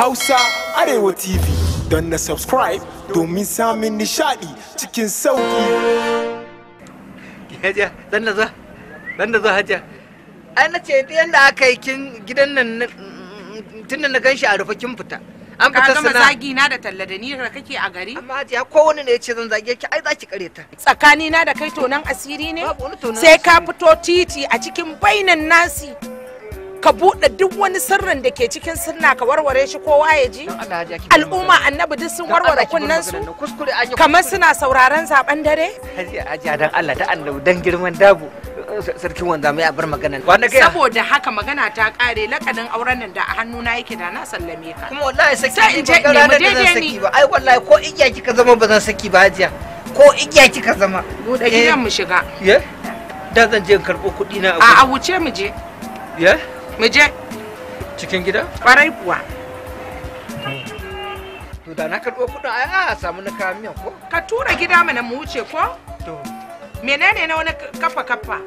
Hausa Arewa TV don na subscribe domin samun nishadi cikin sauki. Hajiya, dan da zo, dan da zo hajiya. Ai na ce ta yanda aka yi kin gidan nan tun na gan shi a rufe kin fita. An fita sana. Ka gama zagi na da talla da ni da kake a gari. Amma hajiya ko wani ne ya ce zan zage ki ai za ki kare ta. Tsakani na da kai tonan asiri ne? Sai ka fito titi a cikin bainan nasi. ka buɗe duk wani sirrin da ke cikin sirna ka warware shi kowa ya ji al'umma annabi duk sun warware kunnen su kamar suna sauraron zaben dare ajiya dan Allah ta annabi dan girman dabu sarkin wanda mai abar magana saboda haka magana ta kare lakanin auren nan da a hannu na yake da na sallame ka kuma wallahi saki ba ranar da zan saki ba ai wallahi ko igiya kika zama ba zan saki ba ajiya ko igiya kika zama buɗe eh. gidan mu shiga da zan je karɓo kuɗi na a wuce mu je yeah mu je cikin gida ƙwarai kuwa hmm. to da na karɓo kuɗin a samu na kawo miyan ko ka tura gida mana mu wuce ko to menene na wani kafa kafa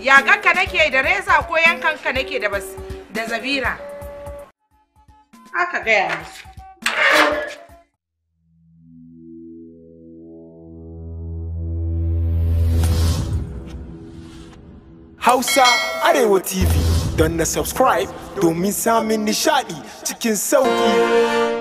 ya ganka nake da reza ko yankan ka nake da bas da zabira aka gaya musu Hausa Arewa TV don na subscribe domin samun nishaɗi cikin sauƙi.